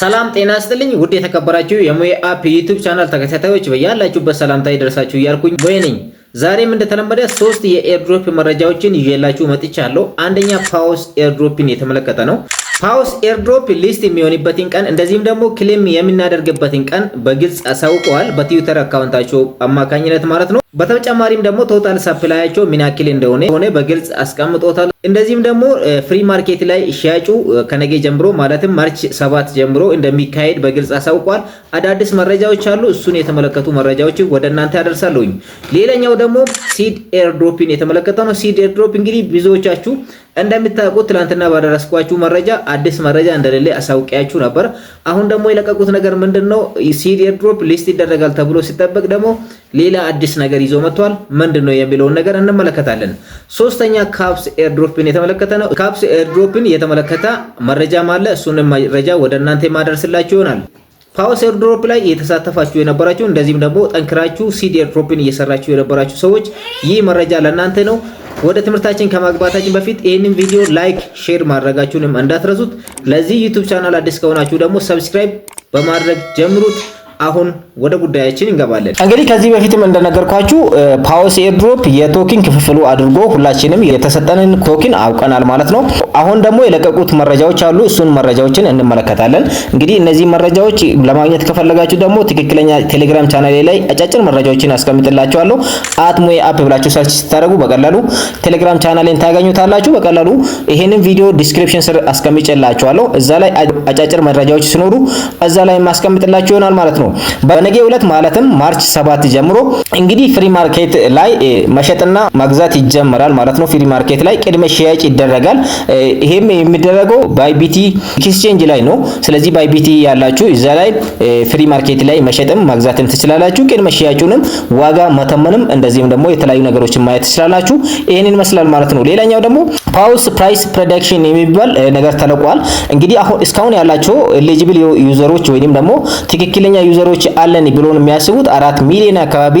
ሰላም ጤና ስጥልኝ ውድ የተከበራችሁ የሙሄ አፕ ዩቲዩብ ቻናል ተከታታዮች በያላችሁበት ሰላምታ ይደርሳችሁ እያልኩኝ ሙሄ ነኝ። ዛሬም እንደተለመደ ሶስት የኤርድሮፕ መረጃዎችን ይዤላችሁ መጥቻለሁ። አንደኛ ፓውስ ኤርድሮፕን የተመለከተ ነው። ፓውስ ኤርድሮፕ ሊስት የሚሆንበትን ቀን እንደዚህም ደግሞ ክሌም የምናደርግበትን ቀን በግልጽ አሳውቀዋል፣ በትዊተር አካውንታቸው አማካኝነት ማለት ነው። በተጨማሪም ደግሞ ቶታል ሰፕላያቸው ምን ያክል እንደሆነ ሆነ በግልጽ አስቀምጦታል። እንደዚህም ደግሞ ፍሪ ማርኬት ላይ ሽያጩ ከነገ ጀምሮ ማለትም ማርች ሰባት ጀምሮ እንደሚካሄድ በግልጽ አሳውቋል። አዳዲስ መረጃዎች አሉ። እሱን የተመለከቱ መረጃዎች ወደ እናንተ ያደርሳለሁኝ። ሌላኛው ደግሞ ሲድ ኤርድሮፕን የተመለከተ ነው። ሲድ ኤርድሮፕ እንግዲህ ብዙዎቻችሁ እንደምታውቁት ትናንትና ባደረስኳችሁ መረጃ አዲስ መረጃ እንደሌለ አሳውቂያችሁ ነበር። አሁን ደግሞ የለቀቁት ነገር ምንድን ነው? ሲድ ኤርድሮፕ ሊስት ይደረጋል ተብሎ ሲጠበቅ ደግሞ ሌላ አዲስ ነገር ይዞ መጥቷል። ምንድን ነው የሚለውን ነገር እንመለከታለን። ሶስተኛ ካፕስ ኤርድሮፕን የተመለከተ ነው። ካፕስ ኤርድሮፕን የተመለከተ መረጃም አለ። እሱን መረጃ ወደ እናንተ ማደርስላችሁ ይሆናል። ፓውስ ኤርድሮፕ ላይ የተሳተፋችሁ የነበራችሁ እንደዚህም ደግሞ ጠንክራችሁ ሲድ ኤርድሮፕን እየሰራችሁ የነበራችሁ ሰዎች ይህ መረጃ ለእናንተ ነው። ወደ ትምህርታችን ከማግባታችን በፊት ይህንን ቪዲዮ ላይክ፣ ሼር ማድረጋችሁንም እንዳትረሱት። ለዚህ ዩቱብ ቻናል አዲስ ከሆናችሁ ደግሞ ሰብስክራይብ በማድረግ ጀምሩት። አሁን ወደ ጉዳያችን እንገባለን። እንግዲህ ከዚህ በፊትም እንደነገርኳችሁ ፓወስ ኤርድሮፕ የቶኪን ክፍፍሉ አድርጎ ሁላችንም የተሰጠንን ቶኪን አውቀናል ማለት ነው። አሁን ደግሞ የለቀቁት መረጃዎች አሉ። እሱን መረጃዎችን እንመለከታለን። እንግዲህ እነዚህ መረጃዎች ለማግኘት ከፈለጋችሁ ደግሞ ትክክለኛ ቴሌግራም ቻናሌ ላይ አጫጭር መረጃዎችን አስቀምጥላችኋለሁ። አት ሙሄ አፕ ብላችሁ ሰርች ስታደርጉ በቀላሉ ቴሌግራም ቻናሌን ታገኙታላችሁ። በቀላሉ ይሄንን ቪዲዮ ዲስክሪፕሽን ስር አስቀምጬላችኋለሁ። እዛ ላይ አጫጭር መረጃዎች ሲኖሩ እዛ ላይ ማስቀምጥላችሁ ይሆናል ማለት ነው። ከነገ ዕለት ማለትም ማርች ሰባት ጀምሮ እንግዲህ ፍሪ ማርኬት ላይ መሸጥና መግዛት ይጀመራል ማለት ነው። ፍሪ ማርኬት ላይ ቅድመ ሽያጭ ይደረጋል። ይሄም የሚደረገው ባይቢቲ ኤክስቼንጅ ላይ ነው። ስለዚህ ባይቢቲ ያላችሁ እዛ ላይ ፍሪ ማርኬት ላይ መሸጥም መግዛትም ትችላላችሁ። ቅድመ ሽያጩንም ዋጋ መተመንም እንደዚህም ደግሞ የተለያዩ ነገሮችን ማየት ትችላላችሁ። ይሄንን ይመስላል ማለት ነው። ሌላኛው ደግሞ ፓውስ ፕራይስ ፕሮዳክሽን የሚባል ነገር ተለቋል። እንግዲህ አሁን እስካሁን ያላችሁ ኤሊጂብል ዩዘሮች ወይንም ደግሞ ትክክለኛ ዩዘሮች አለ አለን ብሎን የሚያስቡት አራት ሚሊዮን አካባቢ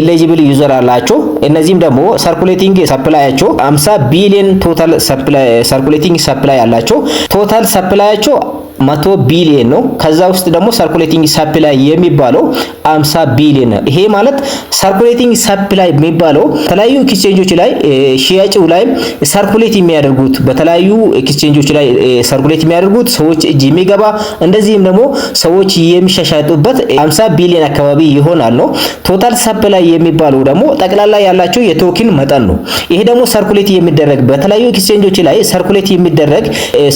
ኢሊጂብል ዩዘር አላቸው። እነዚህም ደግሞ ሰርኩሌቲንግ ሰፕላያቸው 50 ቢሊዮን ቶታል ሰርኩሌቲንግ ሰፕላይ አላቸው። ቶታል ሰፕላያቸው መቶ ቢሊየን ነው። ከዛ ውስጥ ደግሞ ሰርኩሌቲንግ ሰፕላይ የሚባለው አምሳ ቢሊየን ነው። ይሄ ማለት ሰርኩሌቲንግ ሰፕላይ የሚባለው የተለያዩ ኤክስቼንጆች ላይ ሽያጭው ላይ ሰርኩሌት የሚያደርጉት በተለያዩ ኤክስቼንጆች ላይ ሰርኩሌት የሚያደርጉት ሰዎች እጅ የሚገባ እንደዚህም ደግሞ ሰዎች የሚሸሻጡበት 50 ቢሊዮን አካባቢ ይሆናል ነው። ቶታል ሰፕላይ የሚባለው ደግሞ ጠቅላላ ያላቸው የቶኪን መጠን ነው። ይሄ ደግሞ ሰርኩሌት የሚደረግ በተለያዩ ኤክስቼንጆች ላይ ሰርኩሌት የሚደረግ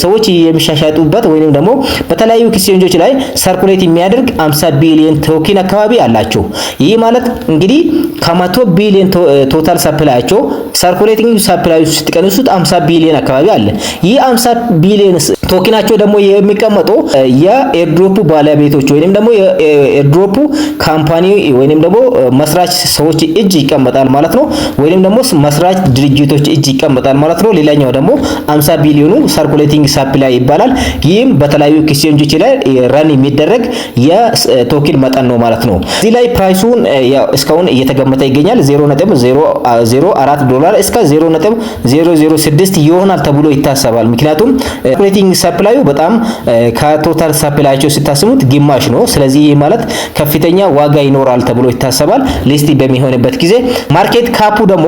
ሰዎች የሚሸሻጡበት ወይንም ደግሞ በተለያዩ ኤክስቼንጆች ላይ ሰርኩሌት የሚያደርግ 50 ቢሊዮን ቶኪን አካባቢ አላቸው። ይህ ማለት እንግዲህ ከመቶ ቢሊዮን ቶታል ሰፕላያቸው ሰርኩሌቲንግ ሰፕላይ ውስጥ ስትቀንሱት 50 ቢሊዮን አካባቢ አለ። ይህ 50 ቢሊዮን ቶኪናቸው ደግሞ የሚቀመጡ የኤርድሮፑ ባለቤቶች ወይንም ደግሞ የኤርድሮፑ ካምፓኒ ወይንም ደግሞ መስራች ሰዎች እጅ ይቀመጣል ማለት ነው። ወይንም ደግሞ መስራች ድርጅቶች እጅ ይቀመጣል ማለት ነው። ሌላኛው ደግሞ 50 ቢሊዮኑ ሰርኩሌቲንግ ሰፕላይ ይባላል። ይህም በተለ ከተለያዩ ኤክስቼንጆች ላይ ረን የሚደረግ የቶኪን መጠን ነው ማለት ነው። እዚህ ላይ ፕራይሱን እስካሁን እየተገመተ ይገኛል 0.004 ዶላር እስከ 0.006 ይሆናል ተብሎ ይታሰባል። ምክንያቱም ኦፕሬቲንግ ሰፕላዩ በጣም ከቶታል ሰፕላያቸው ስታስሙት ግማሽ ነው። ስለዚህ ይህ ማለት ከፍተኛ ዋጋ ይኖራል ተብሎ ይታሰባል ሊስት በሚሆንበት ጊዜ። ማርኬት ካፑ ደግሞ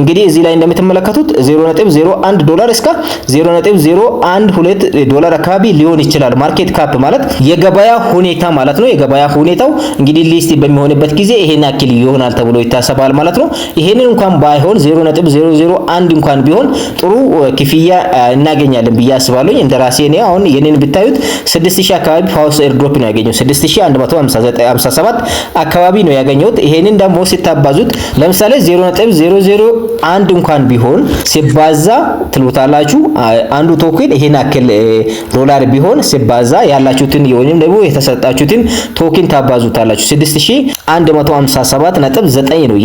እንግዲህ እዚህ ላይ እንደምትመለከቱት 0.01 ዶላር እስከ 0.012 ዶላር አካባቢ ሊሆን ይችላል። ይችላል። ማርኬት ካፕ ማለት የገበያ ሁኔታ ማለት ነው። የገበያ ሁኔታው እንግዲህ ሊስት በሚሆንበት ጊዜ ይሄን አክል ይሆናል ተብሎ ይታሰባል ማለት ነው። ይሄንን እንኳን ባይሆን 0.001 እንኳን ቢሆን ጥሩ ክፍያ እናገኛለን ብዬ አስባለሁኝ። እንደራሴ እኔ አሁን የኔን ብታዩት 6000 አካባቢ ፋውስ ኤርድሮፕ ነው ያገኘው 6157 አካባቢ ነው ያገኘሁት። ይሄንን ደግሞ ሲታባዙት ለምሳሌ 0.001 እንኳን ቢሆን ሲባዛ ትሉታላችሁ አንዱ ቶክን ይሄን አክል ዶላር ቢሆን ሲባዛ ያላችሁትን ወይም ደግሞ የተሰጣችሁትን ቶኪን ታባዙታላችሁ። 6000 157.9 ነው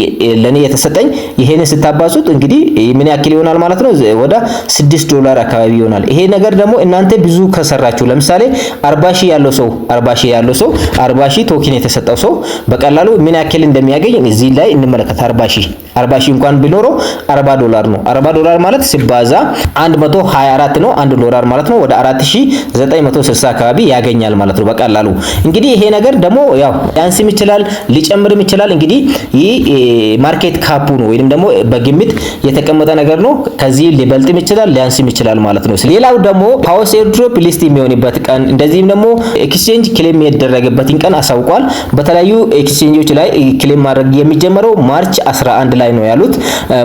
ለኔ የተሰጠኝ። ይሄን ስታባዙት እንግዲህ ምን ያክል ይሆናል ማለት ነው? ወደ 6 ዶላር አካባቢ ይሆናል። ይሄ ነገር ደግሞ እናንተ ብዙ ከሰራችሁ ለምሳሌ 40 ሺህ ያለው ሰው 40 ሺህ ያለው ሰው 40 ሺህ ቶኪን የተሰጠው ሰው በቀላሉ ምን ያክል እንደሚያገኝ እዚህ ላይ እንመለከት። 40 ሺህ 40 ሺህ እንኳን ቢኖረው 40 ዶላር ነው። 40 ዶላር ማለት ሲባዛ 124 ነው። 1 ዶላር ማለት ነው ወደ 4960 አካባቢ ያገኛል ማለት ነው በቀላሉ እንግዲህ ይሄ ነገር ደግሞ ያው ያንስም ይችላል ሊጨምርም ይችላል። እንግዲህ ይህ ማርኬት ካፑ ነው ወይንም ደግሞ በግምት የተቀመጠ ነገር ነው። ከዚህ ሊበልጥም ይችላል ሊያንስም ይችላል ማለት ነው። ሌላው ደግሞ ፓወስ ኤርድሮፕ ሊስት የሚሆንበት ቀን እንደዚህም ደግሞ ኤክስቼንጅ ክሌም የደረገበትን ቀን አሳውቋል። በተለያዩ ኤክስቼንጆች ላይ ክሌም ማድረግ የሚጀመረው ማርች 11 ላይ ነው ያሉት።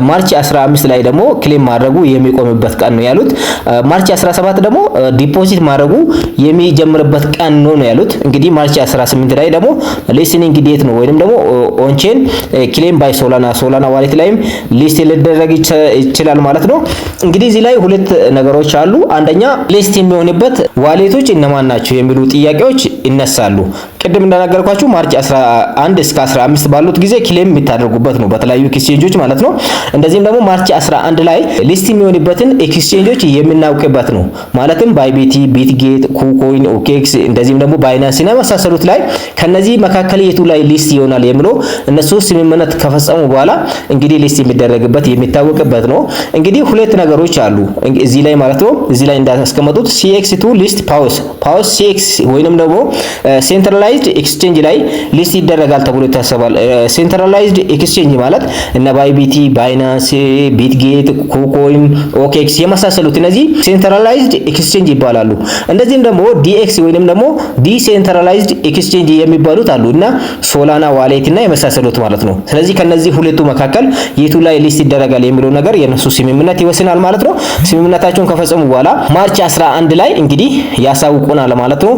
ማርች 15 ላይ ደግሞ ክሌም ማድረጉ የሚቆምበት ቀን ነው ያሉት። ማርች 17 ደግሞ ዲፖዚት ማድረጉ የሚጀምርበት ቀን ነው ነው ያሉት። እንግዲህ ማርች 18 ላይ ደግሞ ሊስኒንግ ዴት ነው ወይንም ደግሞ ኦንቼን ክሌም ባይ ሶላና ሶላና ዋሌት ላይም ሊስት ሊደረግ ይችላል ማለት ነው። እንግዲህ እዚህ ላይ ሁለት ነገሮች አሉ። አንደኛ ሊስት የሚሆንበት ዋሌቶች እነማን ናቸው የሚሉ ጥያቄዎች ይነሳሉ። ቅድም እንደነገርኳችሁ ማርች 11 እስከ 15 ባሉት ጊዜ ክሌም የሚታደርጉበት ነው በተለያዩ ኤክስቼንጆች ማለት ነው። እንደዚህም ደግሞ ማርች 11 ላይ ሊስት የሚሆንበትን ኤክስቼንጆች የምናውቅበት ነው። ማለትም ባይቢቲ፣ ቢትጌት፣ ኩኮይን፣ ኦኬክስ እንደዚህም ደግሞ ባይናንስ እና መሳሰሉት ላይ ከነዚህ መካከል የቱ ላይ ሊስት ይሆናል የሚለው እነሱ ስምምነት ከፈጸሙ በኋላ እንግዲህ ሊስት የሚደረግበት የሚታወቅበት ነው። እንግዲህ ሁለት ነገሮች አሉ እዚህ ላይ ማለት ነው። እዚህ ላይ እንዳስቀመጡት ሲኤክስ ቱ ሊስት ፓውስ ፓውስ ሲኤክስ ወይንም ደግሞ ሴንትራላይዝ ሴንትራላይዝድ ኤክስቼንጅ ላይ ሊስት ይደረጋል ተብሎ ይታሰባል። ሴንትራላይዝድ ኤክስቼንጅ ማለት እነ ባይቢቲ፣ ባይናንስ፣ ቢትጌት፣ ኩኮይም፣ ኦኬክስ የመሳሰሉት እነዚህ ሴንትራላይዝድ ኤክስቼንጅ ይባላሉ። እንደዚህም ደግሞ ዲኤክስ ወይንም ደግሞ ዲሴንትራላይዝድ ኤክስቼንጅ የሚባሉት አሉ እና ሶላና ዋሌት እና የመሳሰሉት ማለት ነው። ስለዚህ ከነዚህ ሁለቱ መካከል የቱ ላይ ሊስት ይደረጋል የሚለው ነገር የነሱ ስምምነት ይወስናል ማለት ነው። ስምምነታቸውን ከፈጸሙ በኋላ ማርች 11 ላይ እንግዲህ ያሳውቁናል ማለት ነው።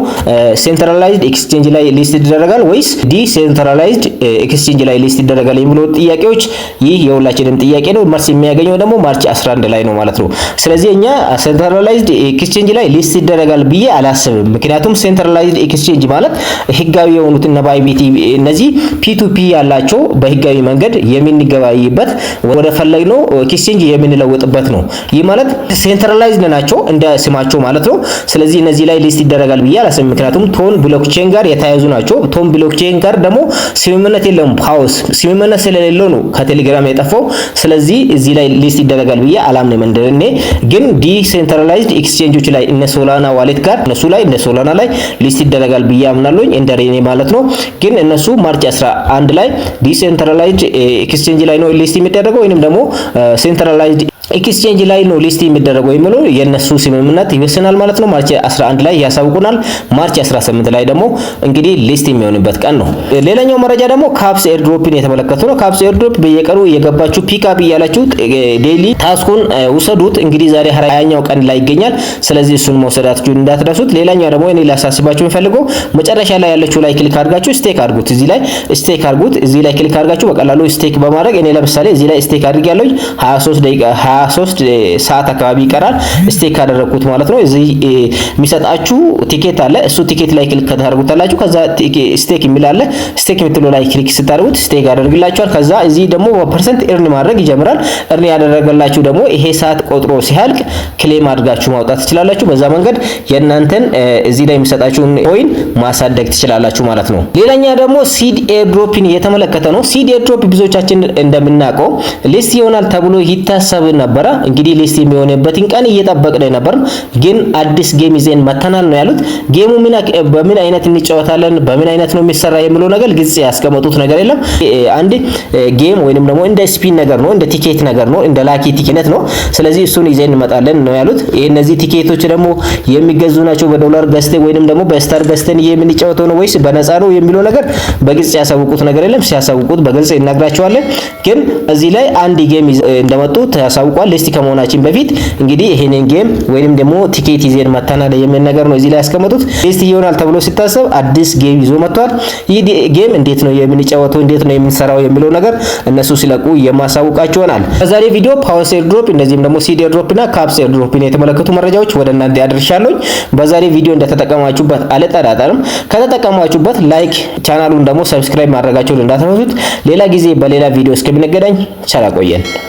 ሴንትራላይዝድ ኤክስቼንጅ ላይ ሊስት ይደረጋል ወይስ ዲሴንትራላይዝድ ኤክስቼንጅ ላይ ሊስት ይደረጋል የሚሉ ጥያቄዎች፣ ይህ የሁላችንም ጥያቄ ነው። መልስ የሚያገኘው ደግሞ ማርች 11 ላይ ነው ማለት ነው። ስለዚህ እኛ ሴንትራላይዝድ ኤክስቼንጅ ላይ ሊስት ይደረጋል ብዬ አላስብም። ምክንያቱም ሴንትራላይዝድ ኤክስቼንጅ ማለት ህጋዊ የሆኑት እና ባይቢቲ እነዚህ ፒቱፒ ያላቸው በህጋዊ መንገድ የሚንገባይበት ወደ ነው ኤክስቼንጅ የምንለውጥበት ነው። ይህ ማለት ሴንትራላይዝድ ናቸው እንደ ስማቸው ማለት ነው። ስለዚህ እነዚህ ላይ ሊስት ይደረጋል ብዬ አላስብም። ምክንያቱም ቶን ብሎክቼን ጋር የታ የተያያዙ ናቸው። ቶም ብሎክቼን ጋር ደግሞ ስምምነት የለም ሀውስ ስምምነት ስለሌለው ነው ከቴሌግራም የጠፋው። ስለዚህ እዚህ ላይ ሊስት ይደረጋል ብዬ አላምንም። እንደኔ ግን ዲሴንትራላይዝድ ኤክስቼንጆች ላይ እነ ሶላና ዋሌት ጋር እነሱ ላይ እነ ሶላና ላይ ሊስት ይደረጋል ብዬ አምናለሁኝ እንደኔ ማለት ነው። ግን እነሱ ማርች 11 ላይ ዲሴንትራላይዝድ ኤክስቼንጅ ላይ ነው ሊስት የሚደረገው ወይንም ደግሞ ሴንትራላይዝድ ኤክስቼንጅ ላይ ነው ሊስት የሚደረገው የሚለው የነሱ ስምምነት ይወስናል ማለት ነው። ማርች 11 ላይ ያሳውቁናል። ማርች 18 ላይ ደግሞ እንግዲህ ሊስት የሚሆንበት ቀን ነው። ሌላኛው መረጃ ደግሞ ካፕስ ኤርድሮፕን የተመለከቱ ነው። ካፕስ ኤርድሮፕ በየቀኑ እየገባችሁ ፒክአፕ እያላችሁ ዴይሊ ታስኩን ውሰዱት። እንግዲህ ዛሬ 20 ቀን ላይ ይገኛል። ስለዚህ እሱን መውሰዳችሁ እንዳትረሱት። ሌላኛው ደግሞ እኔ ላሳስባችሁ የምፈልገው መጨረሻ ላይ ያለችው ላይ ክሊክ አድርጋችሁ ስቴክ አድርጉት። እዚህ ላይ ስቴክ አድርጉት። እዚህ ላይ ክሊክ አድርጋችሁ በቀላሉ ስቴክ በማድረግ እኔ ለምሳሌ እዚህ ላይ ስቴክ አድርጌያለሁ 23 ደቂቃ 23 ሰዓት አካባቢ ይቀራል ስቴክ ካደረግኩት ማለት ነው። እዚህ የሚሰጣችሁ ቲኬት አለ። እሱ ቲኬት ላይ ክሊክ ታደርጉታላችሁ። ከዛ ስቴክ የሚል ስቴክ የምትሉ ላይ ክሊክ ስታደርጉት ስቴክ ያደርግላችኋል። ከዛ እዚህ ደግሞ በፐርሰንት ኤርን ማድረግ ይጀምራል። ኤርን ያደረገላችሁ ደግሞ ይሄ ሰዓት ቆጥሮ ሲያልቅ ክሌም አድርጋችሁ ማውጣት ትችላላችሁ። በዛ መንገድ የእናንተን እዚህ ላይ የሚሰጣችሁን ኮይን ማሳደግ ትችላላችሁ ማለት ነው። ሌላኛ ደግሞ ሲድ ኤርድሮፕን የተመለከተ ነው። ሲድ ኤርድሮፕ ብዙዎቻችን እንደምናውቀው ሊስት ይሆናል ተብሎ ይታሰብና ነበረ። እንግዲህ ሌስት የሚሆንበትን ቀን እየጠበቅን ነበር፣ ግን አዲስ ጌም ይዘን መተናል ነው ያሉት። ጌሙ በምን አይነት እንጫወታለን፣ በምን አይነት ነው የሚሰራ የሚለው ነገር ግልጽ ያስቀመጡት ነገር የለም። አንድ ጌም ወይንም ደግሞ እንደ ስፒን ነገር ነው፣ እንደ ቲኬት ነገር ነው፣ እንደ ላኪ ቲኬት ነው። ስለዚህ እሱን ይዘን እንመጣለን ነው ያሉት። እነዚህ ቲኬቶች ደግሞ የሚገዙ ናቸው በዶላር ገዝተን ወይንም ደግሞ በስታር ገዝተን የምንጫወተው ነው ወይስ በነፃ ነው የሚለው ነገር በግልጽ ያሳውቁት ነገር የለም። ሲያሳውቁት በግልጽ እናግራቸዋለን ግን እዚህ ላይ አንድ ጌም እንደመጡ ታሳውቁ ተጠናቋል። ሊስት ከመሆናችን በፊት እንግዲህ ይሄንን ጌም ወይንም ደግሞ ቲኬት ይዘን መተናል የሚል ነገር ነው እዚህ ላይ ያስቀመጡት። ሊስት ይሆናል ተብሎ ሲታሰብ አዲስ ጌም ይዞ መጥቷል። ይህ ጌም እንዴት ነው የምንጫወተው፣ እንዴት ነው የምንሰራው የሚለው ነገር እነሱ ሲለቁ የማሳውቃችሁ ይሆናል። በዛሬ ቪዲዮ ፓወርስ ኤርድሮፕ እንደዚህም ደግሞ ሲዲ ኤርድሮፕ እና ካፕስ ኤርድሮፕን የተመለከቱ መረጃዎች ወደ እናንተ ያደርሻለሁ። በዛሬ ቪዲዮ እንደተጠቀማችሁበት አልጠራጠርም። ከተጠቀማችሁበት ላይክ፣ ቻናሉን ደግሞ ሰብስክራይብ ማድረጋችሁን እንዳትረሱት። ሌላ ጊዜ በሌላ ቪዲዮ እስከምንገናኝ ቸር ቆየን።